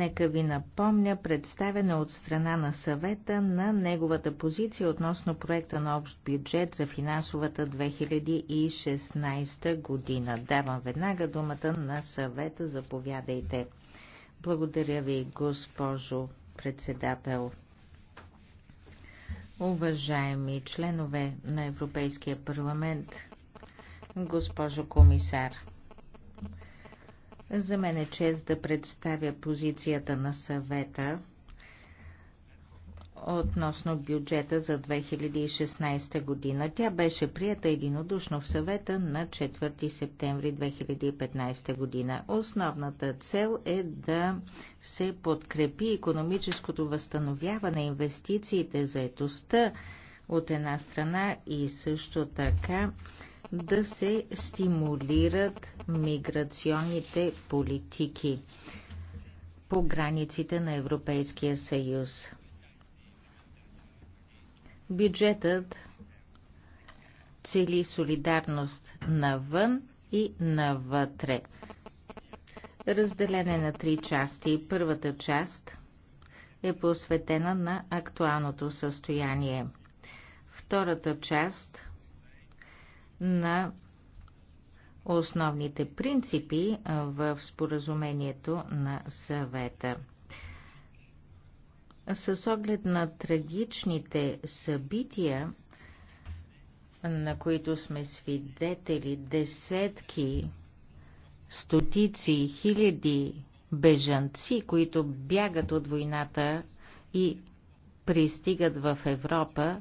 Нека ви напомня представена от страна на съвета на неговата позиция относно проекта на общ бюджет за финансовата 2016 година. Давам веднага думата на съвета. Заповядайте. Благодаря ви, госпожо председател. Уважаеми членове на Европейския парламент, госпожо комисар, за мен е чест да представя позицията на съвета относно бюджета за 2016 година. Тя беше прията единодушно в съвета на 4 септември 2015 година. Основната цел е да се подкрепи економическото възстановяване, инвестициите, заетостта от една страна и също така да се стимулират миграционните политики по границите на Европейския съюз. Бюджетът цели солидарност навън и навътре. Разделен е на три части. Първата част е посветена на актуалното състояние. Втората част на основните принципи в споразумението на съвета. С оглед на трагичните събития, на които сме свидетели десетки, стотици, хиляди бежанци, които бягат от войната и пристигат в Европа,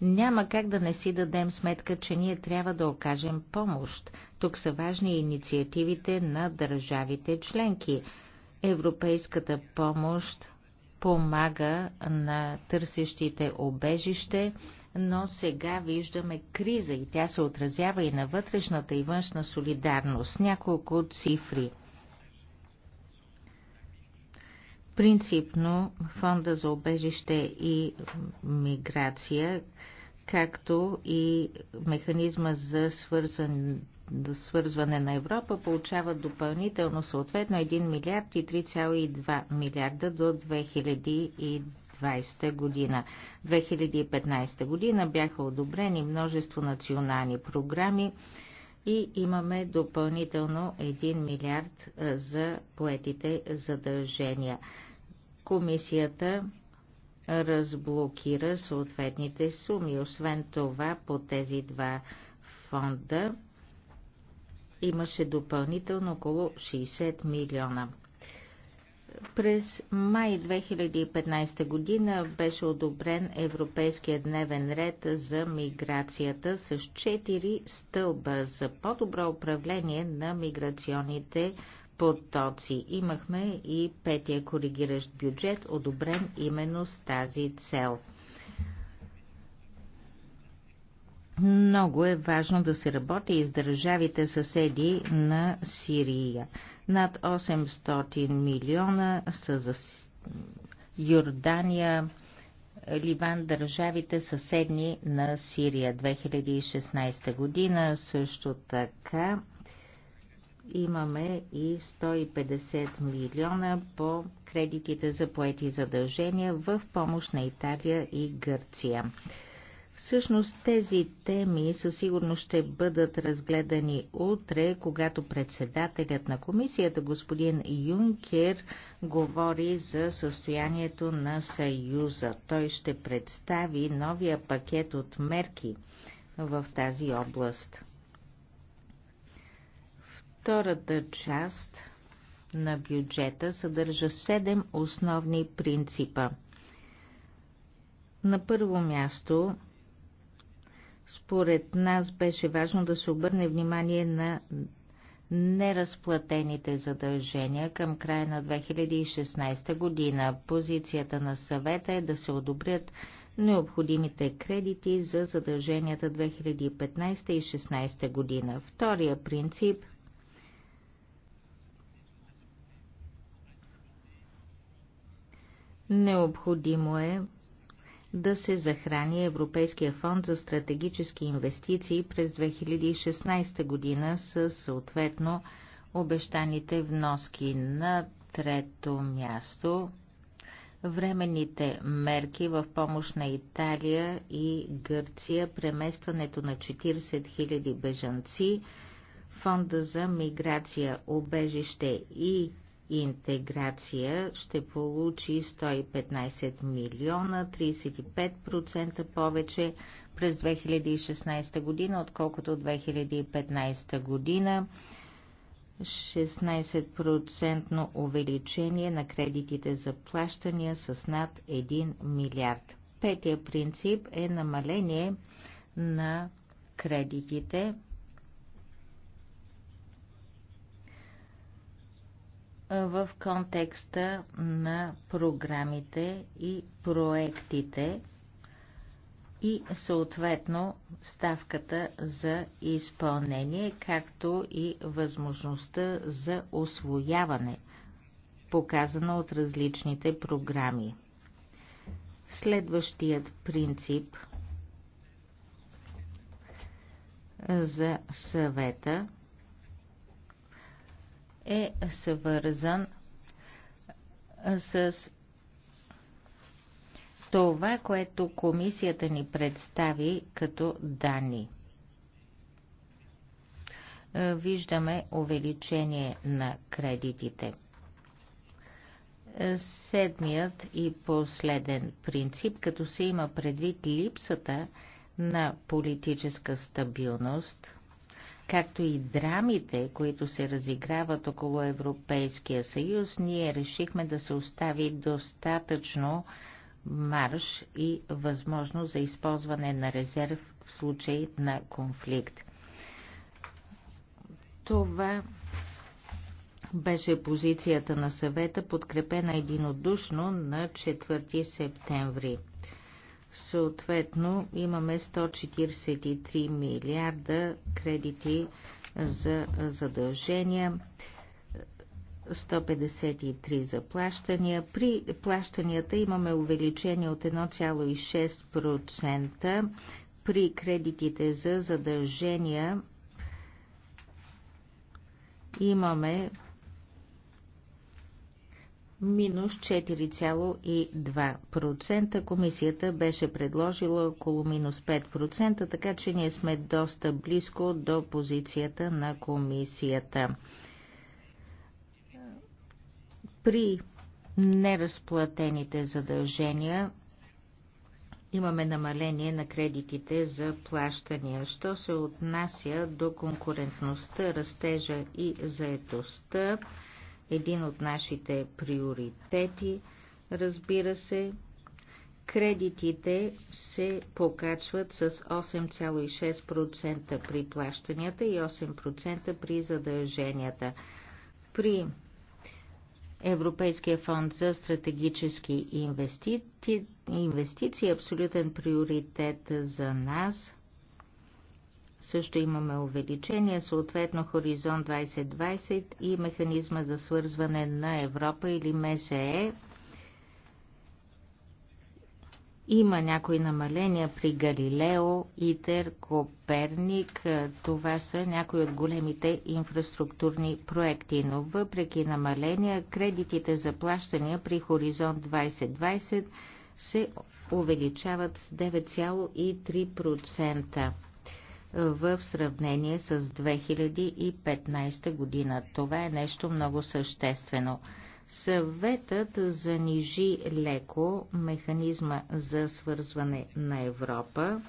няма как да не си дадем сметка, че ние трябва да окажем помощ. Тук са важни инициативите на държавите членки. Европейската помощ помага на търсещите обежище, но сега виждаме криза и тя се отразява и на вътрешната и външна солидарност. Няколко цифри. Принципно Фонда за обежище и миграция както и механизма за свързан, свързване на Европа получава допълнително съответно 1 милиард и 3,2 милиарда до 2020 година. 2015 година бяха одобрени множество национални програми и имаме допълнително 1 милиард за поетите задължения. Комисията разблокира съответните суми. Освен това, по тези два фонда имаше допълнително около 60 милиона. През май 2015 година беше одобрен Европейския дневен ред за миграцията с 4 стълба за по-добро управление на миграционните потоци. Имахме и петия коригиращ бюджет, одобрен именно с тази цел. Много е важно да се работи и с държавите съседи на Сирия. Над 800 милиона са за Йордания, Ливан, държавите съседни на Сирия 2016 година. Също така имаме и 150 милиона по кредитите за поети задължения в помощ на Италия и Гърция. Всъщност тези теми със сигурност ще бъдат разгледани утре, когато председателят на комисията, господин Юнкер, говори за състоянието на Съюза. Той ще представи новия пакет от мерки в тази област. Втората част на бюджета съдържа седем основни принципа. На първо място, според нас беше важно да се обърне внимание на неразплатените задължения към края на 2016 година. Позицията на съвета е да се одобрят необходимите кредити за задълженията 2015 и 2016 година. Втория принцип – Необходимо е да се захрани Европейския фонд за стратегически инвестиции през 2016 година с съответно обещаните вноски. На трето място временните мерки в помощ на Италия и Гърция, преместването на 40 000 бежанци, Фонда за миграция, обежище и интеграция ще получи 115 милиона, 35% повече през 2016 година, отколкото 2015 година. 16% увеличение на кредитите за плащания с над 1 милиард. Петия принцип е намаление на кредитите в контекста на програмите и проектите и съответно ставката за изпълнение, както и възможността за освояване, показана от различните програми. Следващият принцип за съвета – е свързан с това, което комисията ни представи като данни. Виждаме увеличение на кредитите. Седмият и последен принцип, като се има предвид липсата на политическа стабилност – както и драмите, които се разиграват около Европейския съюз, ние решихме да се остави достатъчно марш и възможност за използване на резерв в случай на конфликт. Това беше позицията на съвета, подкрепена единодушно на 4 септември. Съответно имаме 143 милиарда кредити за задължения, 153 за плащания. При плащанията имаме увеличение от 1,6%. При кредитите за задължения имаме минус 4,2%. Комисията беше предложила около минус 5%, така че ние сме доста близко до позицията на комисията. При неразплатените задължения имаме намаление на кредитите за плащания. Що се отнася до конкурентността, растежа и заетостта, един от нашите приоритети, разбира се. Кредитите се покачват с 8,6% при плащанията и 8% при задълженията. При Европейския фонд за стратегически инвестиции, инвестиции абсолютен приоритет за нас – също имаме увеличение, съответно Хоризонт 2020 и Механизма за свързване на Европа или МСЕ. Има някои намаления при Галилео, Итер, Коперник. Това са някои от големите инфраструктурни проекти, но въпреки намаления, кредитите за плащания при Хоризонт 2020 се увеличават с 9,3% в сравнение с 2015 година. Това е нещо много съществено. Съветът занижи леко механизма за свързване на Европа,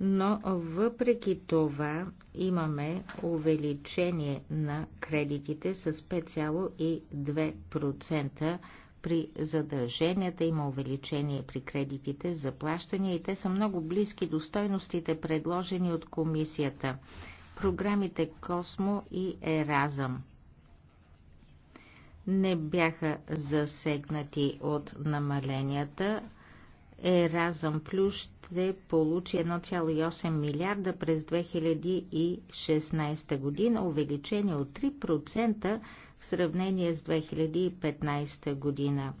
но въпреки това имаме увеличение на кредитите с 5,2% при задълженията, има увеличение при кредитите за плащания и те са много близки до стойностите, предложени от комисията. Програмите Космо и Еразъм не бяха засегнати от намаленията. Еразъм Плюс ще получи 1,8 милиарда през 2016 година, увеличение от 3% в сравнение с 2015 година.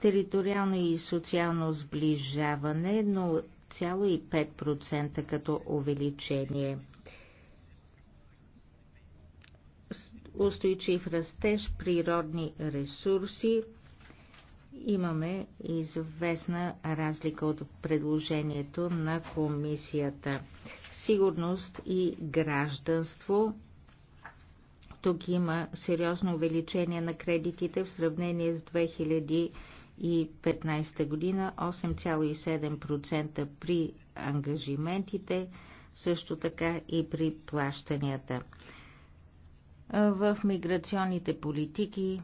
Териториално и социално сближаване 0,5% е като увеличение. Устойчив растеж, природни ресурси. Имаме известна разлика от предложението на комисията сигурност и гражданство тук има сериозно увеличение на кредитите в сравнение с 2015 година 8,7% при ангажиментите, също така и при плащанията. В миграционните политики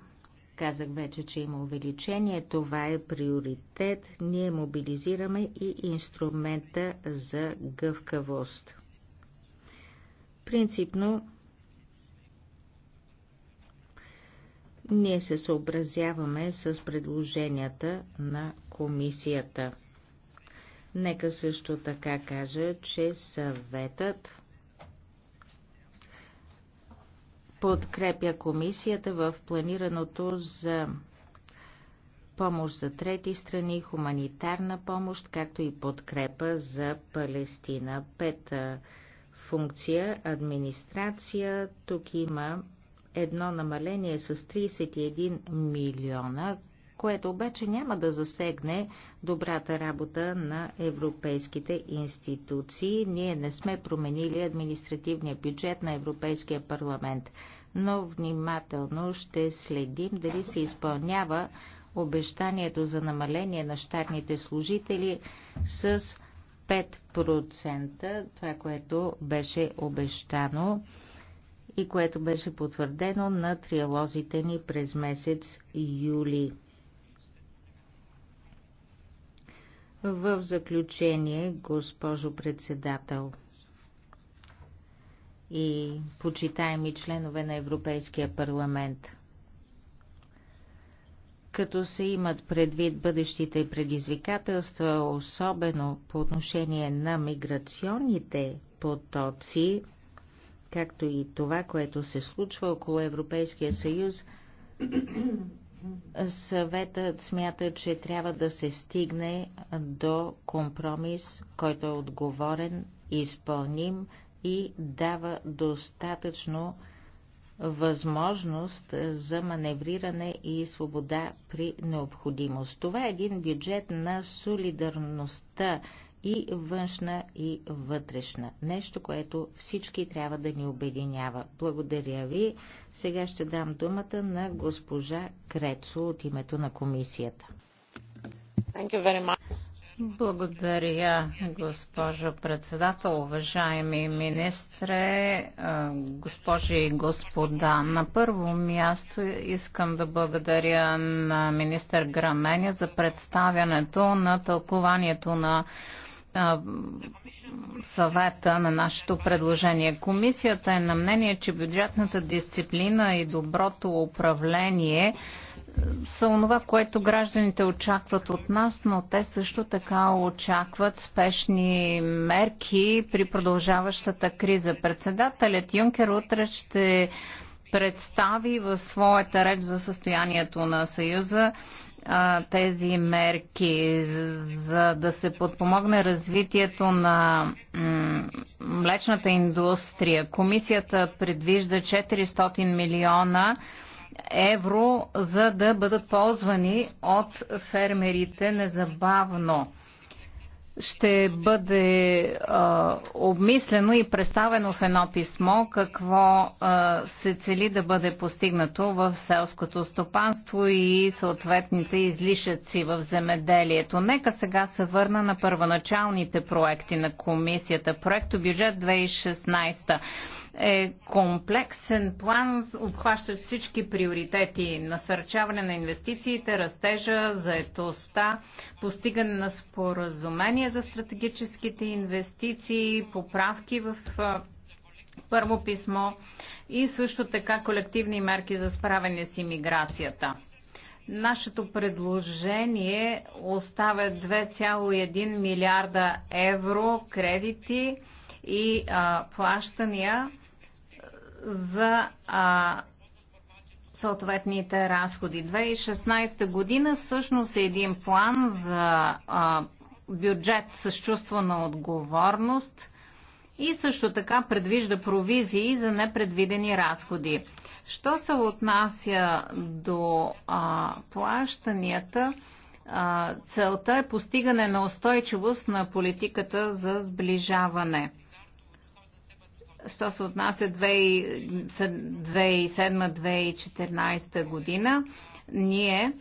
Казах вече, че има увеличение. Това е приоритет. Ние мобилизираме и инструмента за гъвкавост. Принципно Ние се съобразяваме с предложенията на комисията. Нека също така кажа, че съветът подкрепя комисията в планираното за помощ за трети страни, хуманитарна помощ, както и подкрепа за Палестина. Пета функция – администрация. Тук има едно намаление с 31 милиона, което обаче няма да засегне добрата работа на европейските институции. Ние не сме променили административния бюджет на Европейския парламент, но внимателно ще следим дали се изпълнява обещанието за намаление на щатните служители с 5%, това, което беше обещано и което беше потвърдено на триалозите ни през месец юли. В заключение, госпожо председател и почитаеми членове на Европейския парламент, като се имат предвид бъдещите предизвикателства, особено по отношение на миграционните потоци, както и това, което се случва около Европейския съюз, съветът смята, че трябва да се стигне до компромис, който е отговорен, изпълним и дава достатъчно възможност за маневриране и свобода при необходимост. Това е един бюджет на солидарността и външна, и вътрешна. Нещо, което всички трябва да ни обединява. Благодаря ви. Сега ще дам думата на госпожа Крецо от името на комисията. Благодаря, госпожо председател, уважаеми министре, госпожи и господа. На първо място искам да благодаря на министър Граменя за представянето на тълкованието на съвета на нашето предложение. Комисията е на мнение, че бюджетната дисциплина и доброто управление са онова, което гражданите очакват от нас, но те също така очакват спешни мерки при продължаващата криза. Председателят Юнкер утре ще представи в своята реч за състоянието на Съюза а, тези мерки, за да се подпомогне развитието на млечната индустрия? Комисията предвижда 400 милиона евро, за да бъдат ползвани от фермерите незабавно ще бъде а, обмислено и представено в едно писмо какво а, се цели да бъде постигнато в селското стопанство и съответните излишъци в земеделието. Нека сега се върна на първоначалните проекти на комисията. Проекто бюджет 2016 е комплексен план, обхващат всички приоритети. Насърчаване на инвестициите, растежа, заетостта, постигане на споразумение за стратегическите инвестиции, поправки в първо писмо и също така колективни мерки за справяне с иммиграцията. Нашето предложение оставя 2,1 милиарда евро кредити и а, плащания за а, съответните разходи. 2016 година всъщност е един план за а, бюджет с чувство на отговорност и също така предвижда провизии за непредвидени разходи. Що се отнася до а, плащанията, а, целта е постигане на устойчивост на политиката за сближаване – що се отнася 2007-2014 година, ние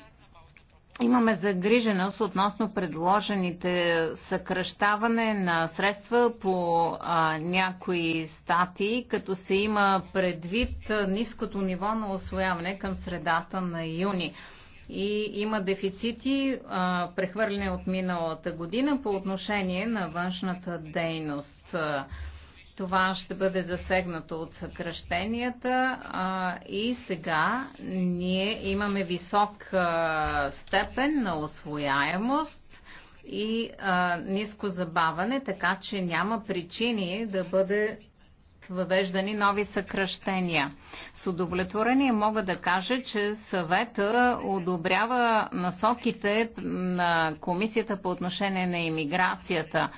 имаме загриженост относно предложените съкръщаване на средства по а, някои статии, като се има предвид ниското ниво на освояване към средата на юни. И има дефицити, а, прехвърлени от миналата година по отношение на външната дейност. Това ще бъде засегнато от съкръщенията а, и сега ние имаме висок а, степен на освояемост и а, ниско забаване, така че няма причини да бъде въвеждани нови съкръщения. С удовлетворение мога да кажа, че съвета одобрява насоките на комисията по отношение на иммиграцията.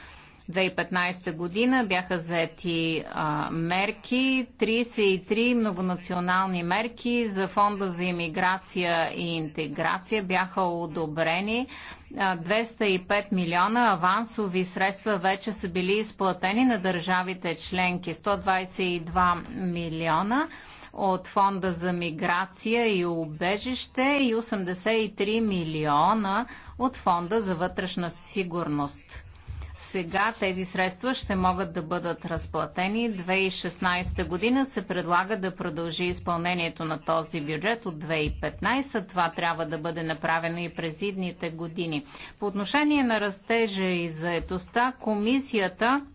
2015 година бяха заети а, мерки, 33 многонационални мерки за Фонда за иммиграция и интеграция бяха одобрени. 205 милиона авансови средства вече са били изплатени на държавите членки. 122 милиона от фонда за миграция и убежище и 83 милиона от фонда за вътрешна сигурност сега тези средства ще могат да бъдат разплатени. 2016 година се предлага да продължи изпълнението на този бюджет от 2015. Това трябва да бъде направено и през идните години. По отношение на растежа и заетостта, комисията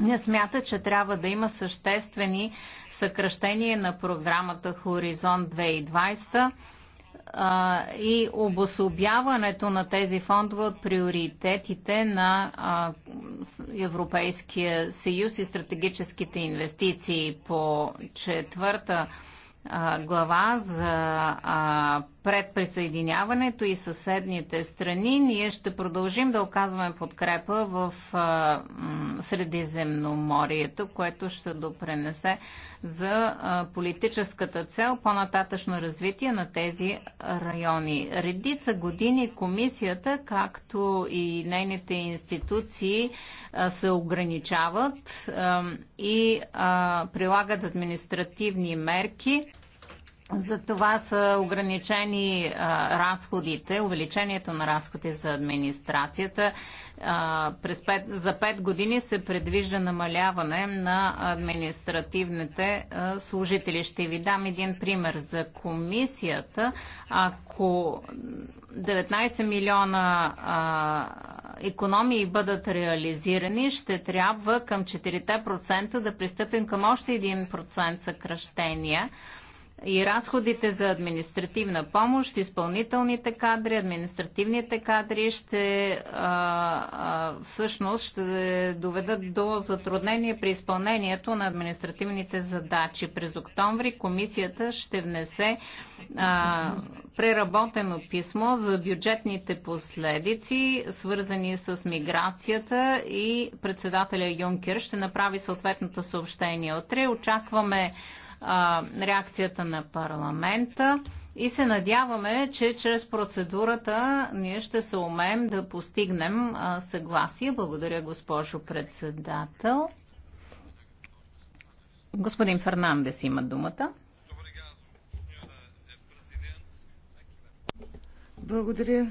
не смята, че трябва да има съществени съкръщения на програмата Хоризонт 2020 а, и обособяването на тези фондове от приоритетите на а, Европейския съюз и стратегическите инвестиции по четвърта глава за предприсъединяването и съседните страни. Ние ще продължим да оказваме подкрепа в Средиземноморието, което ще допренесе за политическата цел по-нататъчно развитие на тези райони. Редица години комисията, както и нейните институции, се ограничават и прилагат административни мерки за това са ограничени а, разходите, увеличението на разходите за администрацията. А, през 5, за 5 години се предвижда намаляване на административните а, служители. Ще ви дам един пример за комисията. Ако 19 милиона а, економии бъдат реализирани, ще трябва към 4% да пристъпим към още 1% съкръщения и разходите за административна помощ, изпълнителните кадри, административните кадри ще а, а, всъщност ще доведат до затруднение при изпълнението на административните задачи. През октомври комисията ще внесе а, преработено писмо за бюджетните последици, свързани с миграцията и председателя Юнкер ще направи съответното съобщение. Отре очакваме а, реакцията на парламента и се надяваме, че чрез процедурата ние ще се умеем да постигнем а, съгласие. Благодаря, госпожо председател. Господин Фернандес има думата. Благодаря,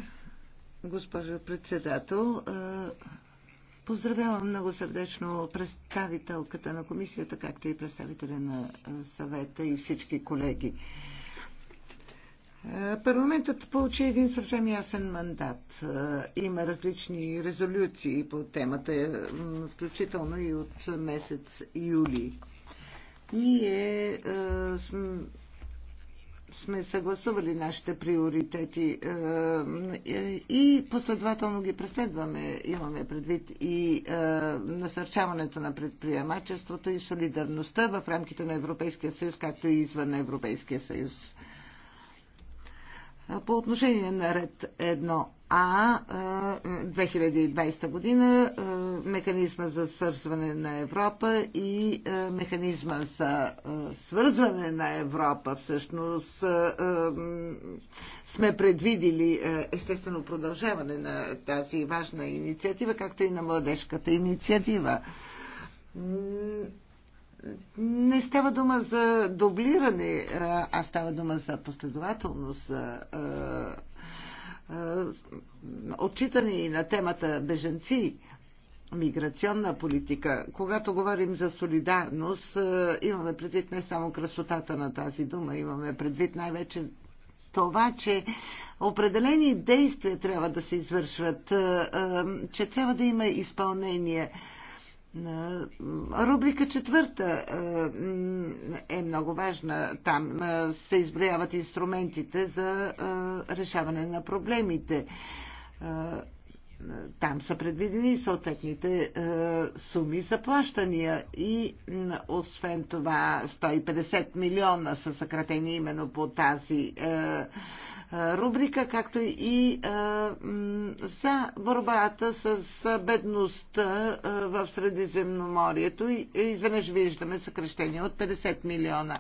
госпожо председател. Поздравявам много сърдечно представителката на комисията, както и представителя на съвета и всички колеги. Парламентът получи един съвсем ясен мандат. Има различни резолюции по темата, включително и от месец юли. Ние сме съгласували нашите приоритети е, и последователно ги преследваме. Имаме предвид и е, насърчаването на предприемачеството и солидарността в рамките на Европейския съюз, както и извън Европейския съюз. По отношение на ред Едно а 2020 е, година е, механизма за свързване на Европа и е, механизма за свързване на Европа всъщност сме предвидили естествено продължаване на тази важна инициатива, както и на младежката инициатива. Не става дума за дублиране, а става дума за последователност, за отчитане и на темата беженци, миграционна политика, когато говорим за солидарност, имаме предвид не само красотата на тази дума, имаме предвид най-вече това, че определени действия трябва да се извършват, че трябва да има изпълнение Рубрика четвърта е много важна. Там се изброяват инструментите за решаване на проблемите. Там са предвидени съответните суми за плащания и освен това 150 милиона са съкратени именно по тази рубрика, както и за борбата с бедността в Средиземноморието. Изведнъж виждаме съкрещение от 50 милиона.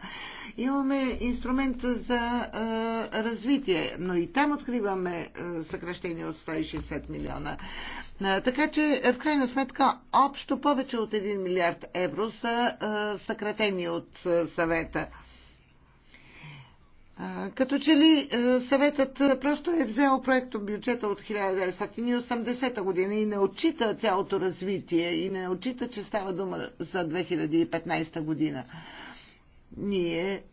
Имаме инструмент за развитие, но и там откриваме съкрещение от 160 милиона. Така че, в крайна сметка, общо повече от 1 милиард евро са съкратени от съвета. Като че ли е, съветът просто е взел проекто бюджета от 1980 година и не отчита цялото развитие и не отчита, че става дума за 2015 година. Ние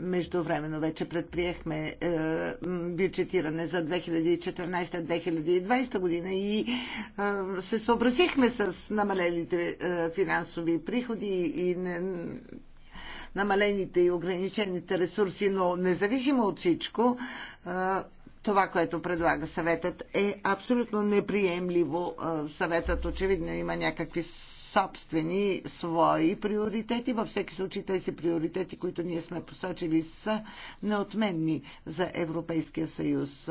Междувременно вече предприехме е, бюджетиране за 2014-2020 година и е, се съобразихме с намалените е, финансови приходи и не, намалените и ограничените ресурси, но независимо от всичко, е, това, което предлага съветът е абсолютно неприемливо. Е, съветът очевидно има някакви собствени свои приоритети. Във всеки случай тези приоритети, които ние сме посочили, са неотменни за Европейския съюз.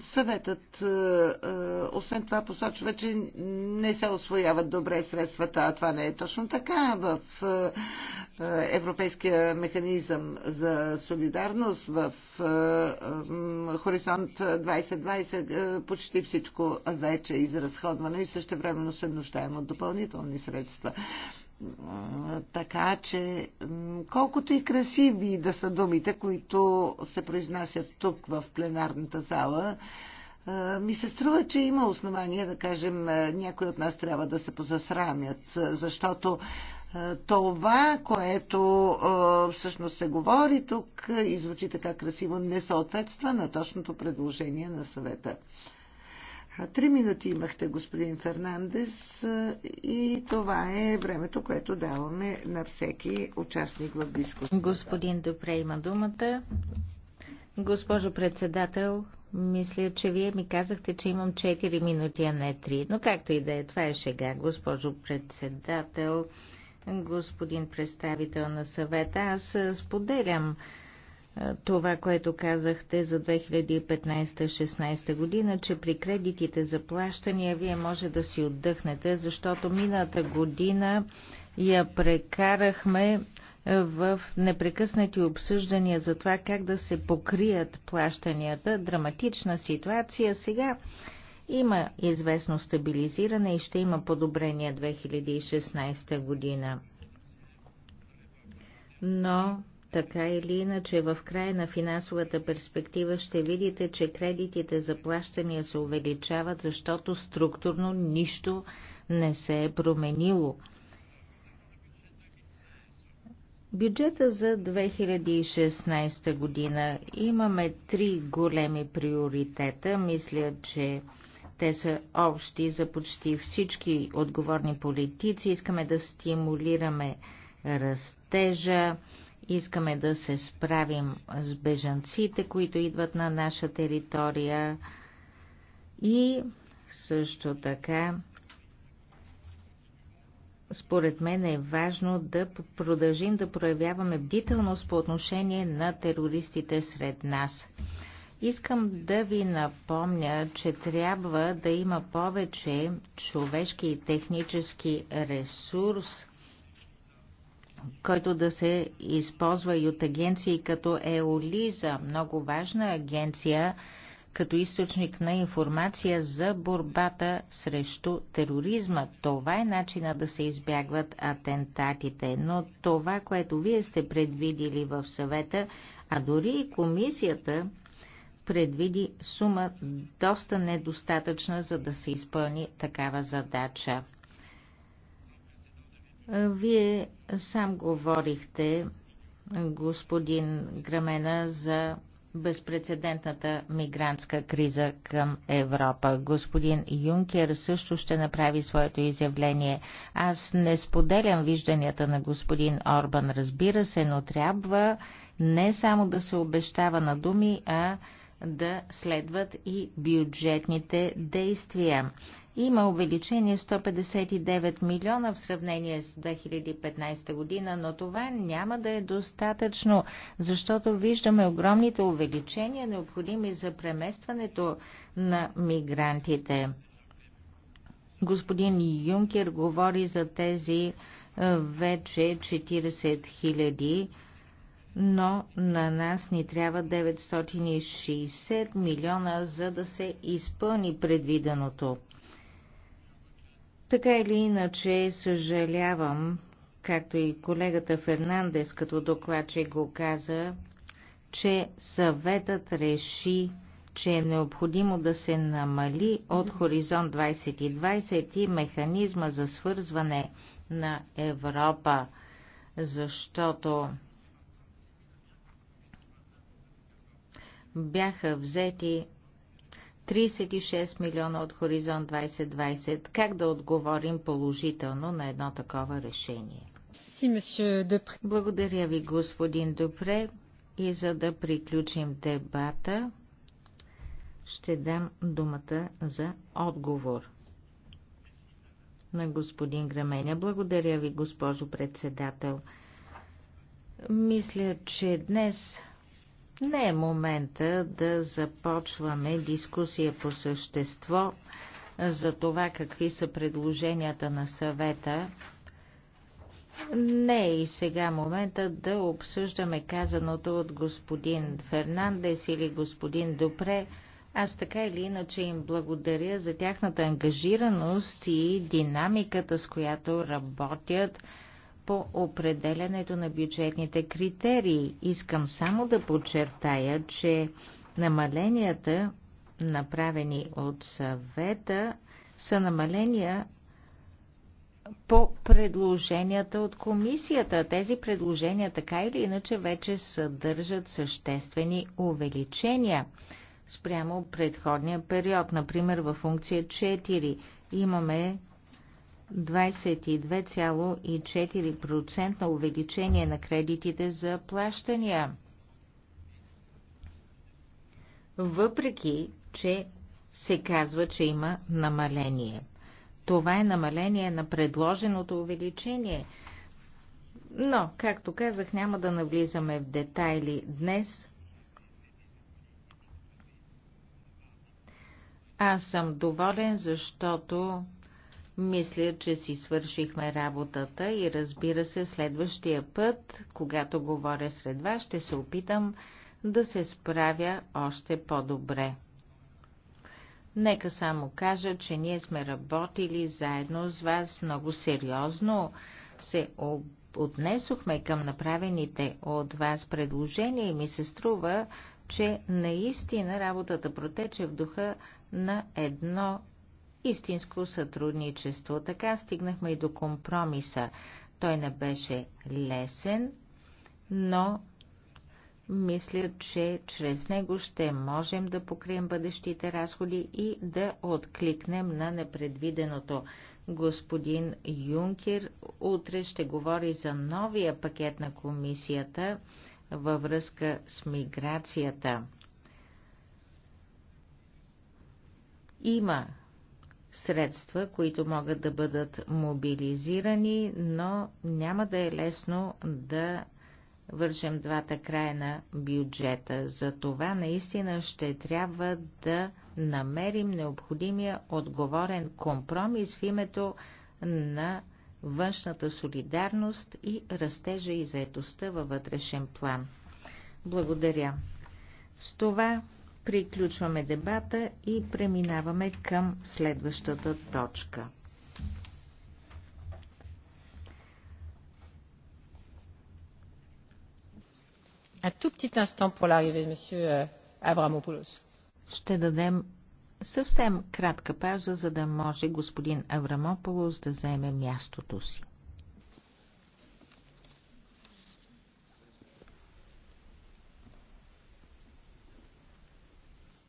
Съветът, е, е, освен това, посочва, че не се освояват добре средствата, а това не е точно така. В е, Европейския механизъм за солидарност, в Хоризонт 2020 почти всичко вече е изразходвано и също времено се нуждаем от допълнителни средства. Така че, колкото и красиви да са думите, които се произнасят тук в пленарната зала, ми се струва, че има основания да кажем, някои от нас трябва да се позасрамят, защото това, което всъщност се говори тук и звучи така красиво, не съответства на точното предложение на съвета. Три минути имахте, господин Фернандес, и това е времето, което даваме на всеки участник в дискусията. Господин Допре има думата. Госпожо председател, мисля, че вие ми казахте, че имам 4 минути, а не 3. Но както и да е, това е шега, госпожо председател, господин представител на съвета. Аз споделям е, това, което казахте за 2015-16 година, че при кредитите за плащания вие може да си отдъхнете, защото мината година я прекарахме е, в непрекъснати обсъждания за това как да се покрият плащанията. Драматична ситуация. Сега има известно стабилизиране и ще има подобрение 2016 година. Но така или иначе, в края на финансовата перспектива ще видите, че кредитите за плащания се увеличават, защото структурно нищо не се е променило. Бюджета за 2016 година имаме три големи приоритета. Мисля, че те са общи за почти всички отговорни политици. Искаме да стимулираме растежа, Искаме да се справим с бежанците, които идват на наша територия и също така според мен е важно да продължим да проявяваме бдителност по отношение на терористите сред нас. Искам да ви напомня, че трябва да има повече човешки и технически ресурс който да се използва и от агенции като Еолиза, много важна агенция, като източник на информация за борбата срещу тероризма. Това е начина да се избягват атентатите, но това, което вие сте предвидили в съвета, а дори и комисията предвиди сума доста недостатъчна, за да се изпълни такава задача. Вие сам говорихте, господин Грамена, за безпредседентната мигрантска криза към Европа. Господин Юнкер също ще направи своето изявление. Аз не споделям вижданията на господин Орбан, разбира се, но трябва не само да се обещава на думи, а да следват и бюджетните действия. Има увеличение 159 милиона в сравнение с 2015 година, но това няма да е достатъчно, защото виждаме огромните увеличения, необходими за преместването на мигрантите. Господин Юнкер говори за тези е, вече 40 хиляди, но на нас ни трябва 960 милиона, за да се изпълни предвиденото. Така или иначе, съжалявам, както и колегата Фернандес като докладчик го каза, че съветът реши, че е необходимо да се намали от Хоризонт 2020 и механизма за свързване на Европа, защото бяха взети 36 милиона от Хоризонт 2020. Как да отговорим положително на едно такова решение? Благодаря ви, господин Дупре. И за да приключим дебата, ще дам думата за отговор на господин Граменя. Благодаря ви, госпожо председател. Мисля, че днес не е момента да започваме дискусия по същество за това какви са предложенията на съвета. Не е и сега момента да обсъждаме казаното от господин Фернандес или господин Допре. Аз така или иначе им благодаря за тяхната ангажираност и динамиката, с която работят по определенето на бюджетните критерии. Искам само да подчертая, че намаленията, направени от съвета, са намаления по предложенията от комисията. Тези предложения така или иначе вече съдържат съществени увеличения спрямо предходния период. Например, във функция 4 имаме 22,4% на увеличение на кредитите за плащания. Въпреки, че се казва, че има намаление. Това е намаление на предложеното увеличение. Но, както казах, няма да навлизаме в детайли днес. Аз съм доволен, защото мисля, че си свършихме работата и разбира се, следващия път, когато говоря сред вас, ще се опитам да се справя още по-добре. Нека само кажа, че ние сме работили заедно с вас много сериозно, се отнесохме към направените от вас предложения и ми се струва, че наистина работата протече в духа на едно истинско сътрудничество. Така стигнахме и до компромиса. Той не беше лесен, но мисля, че чрез него ще можем да покрием бъдещите разходи и да откликнем на непредвиденото. Господин Юнкер утре ще говори за новия пакет на комисията във връзка с миграцията. Има средства, които могат да бъдат мобилизирани, но няма да е лесно да вършим двата края на бюджета. За това наистина ще трябва да намерим необходимия отговорен компромис в името на външната солидарност и растежа и заетостта във вътрешен план. Благодаря. С това Приключваме дебата и преминаваме към следващата точка. Un tout petit instant pour l'arrivée de M. Euh, Avramopoulos. Ще дадем съвсем кратка пауза, за да може господин Аврамополос да заеме мястото си.